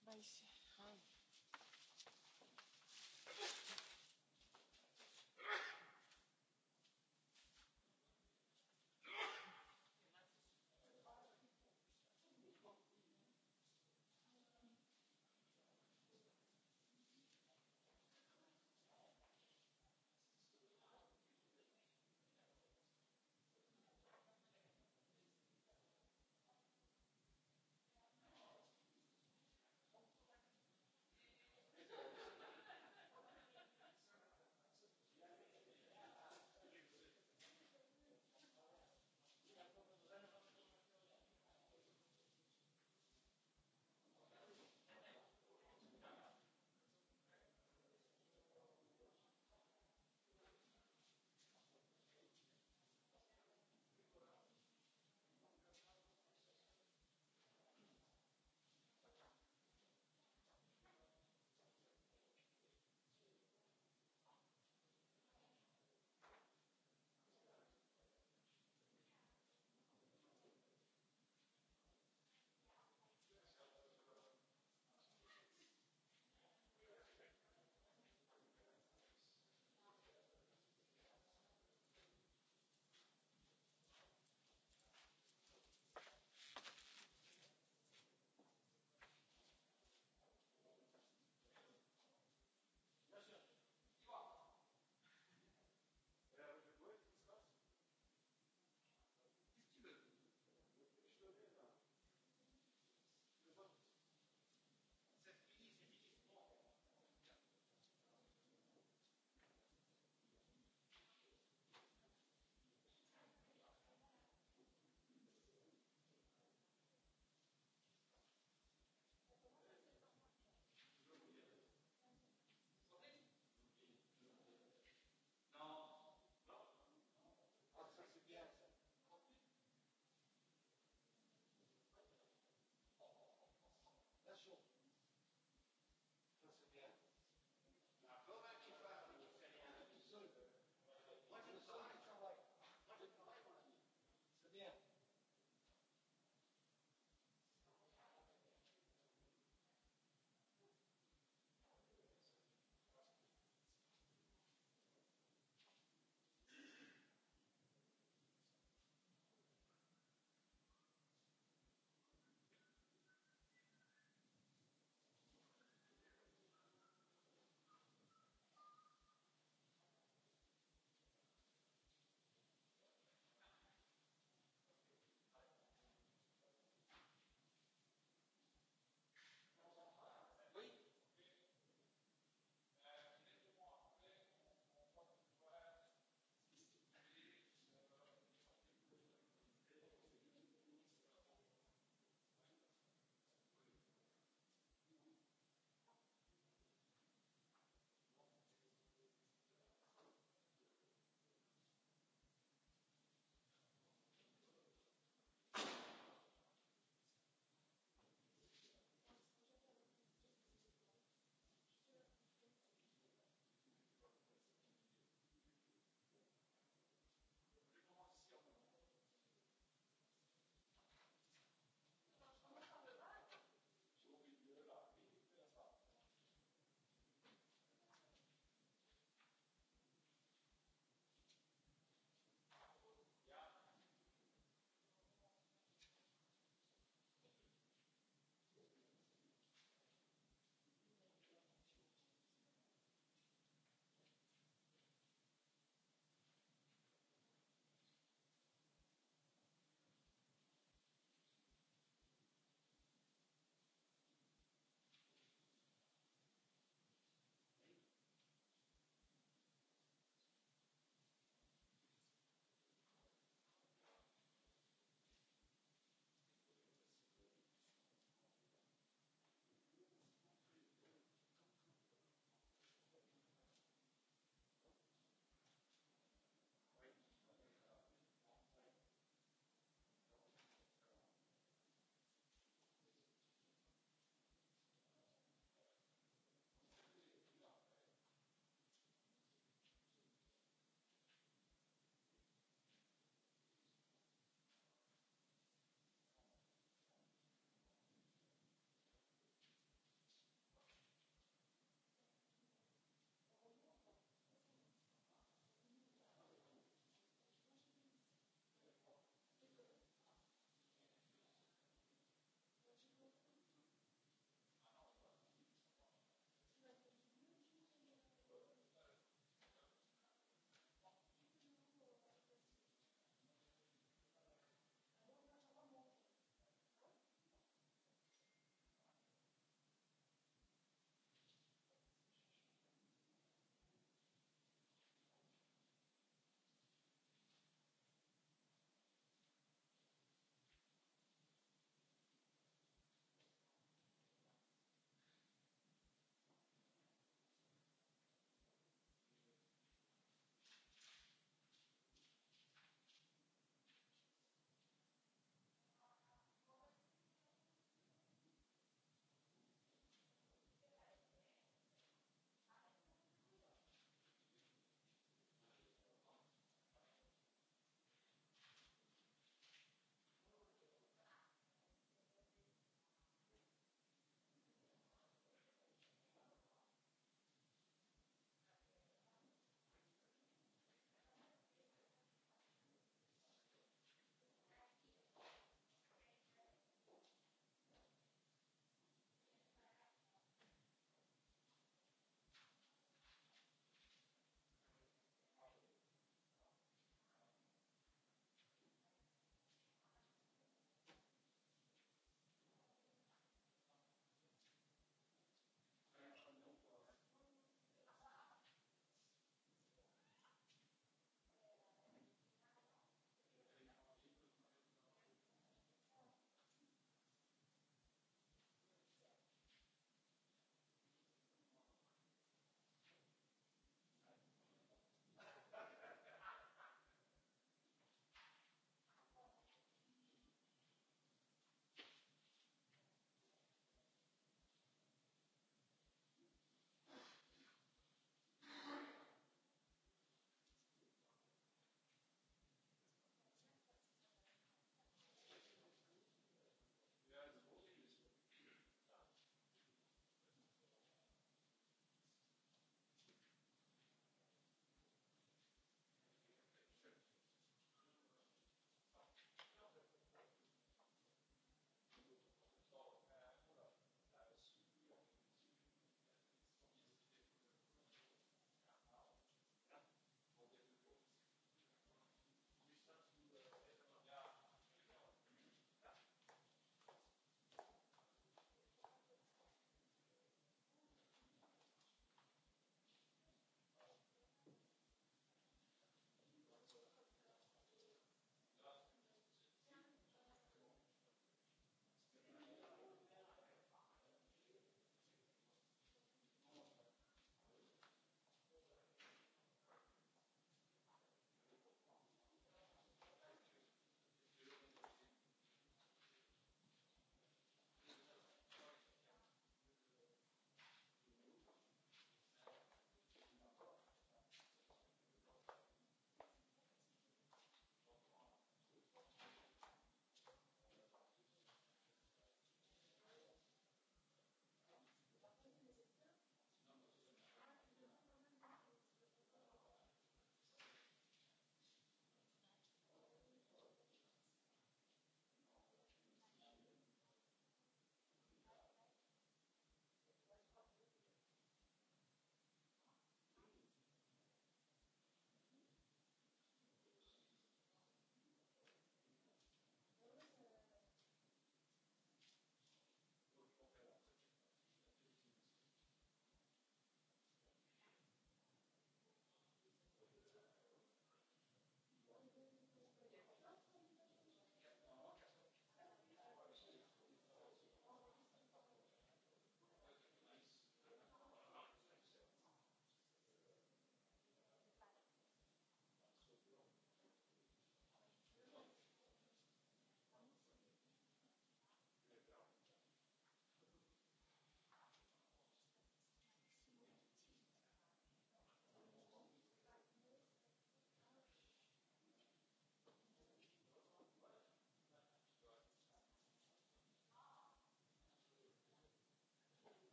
Mbaixi.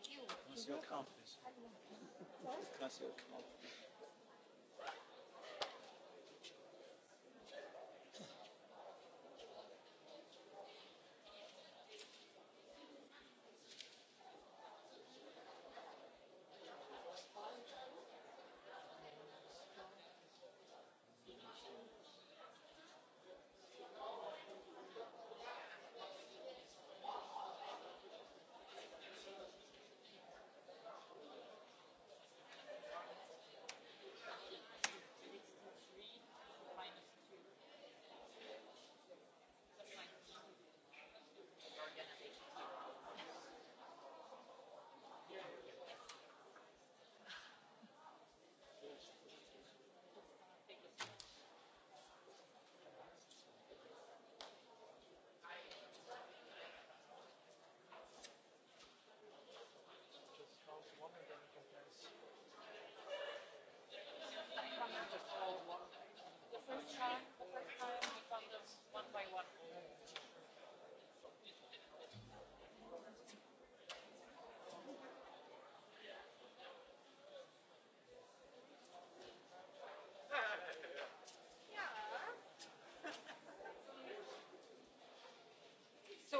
That's your confidence. That's your confidence.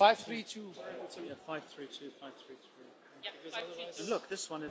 532. Yeah, 532, 533. Yeah, 532. Look, this one is.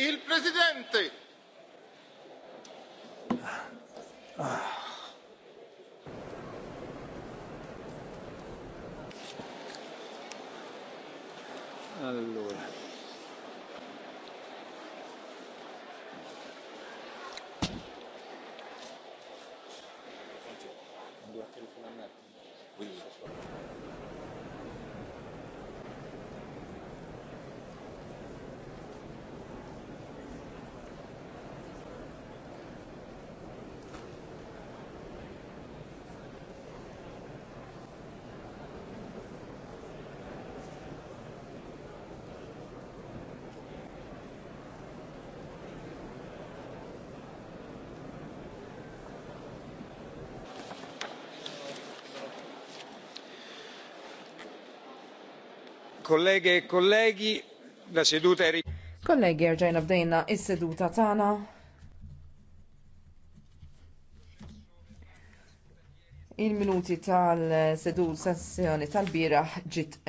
il-Presidente. kollege e kollegi, la seduta è Kollegi, rġajna bdejna is-seduta tana. Il-minuti tal-seduta sessjoni tal bira ġit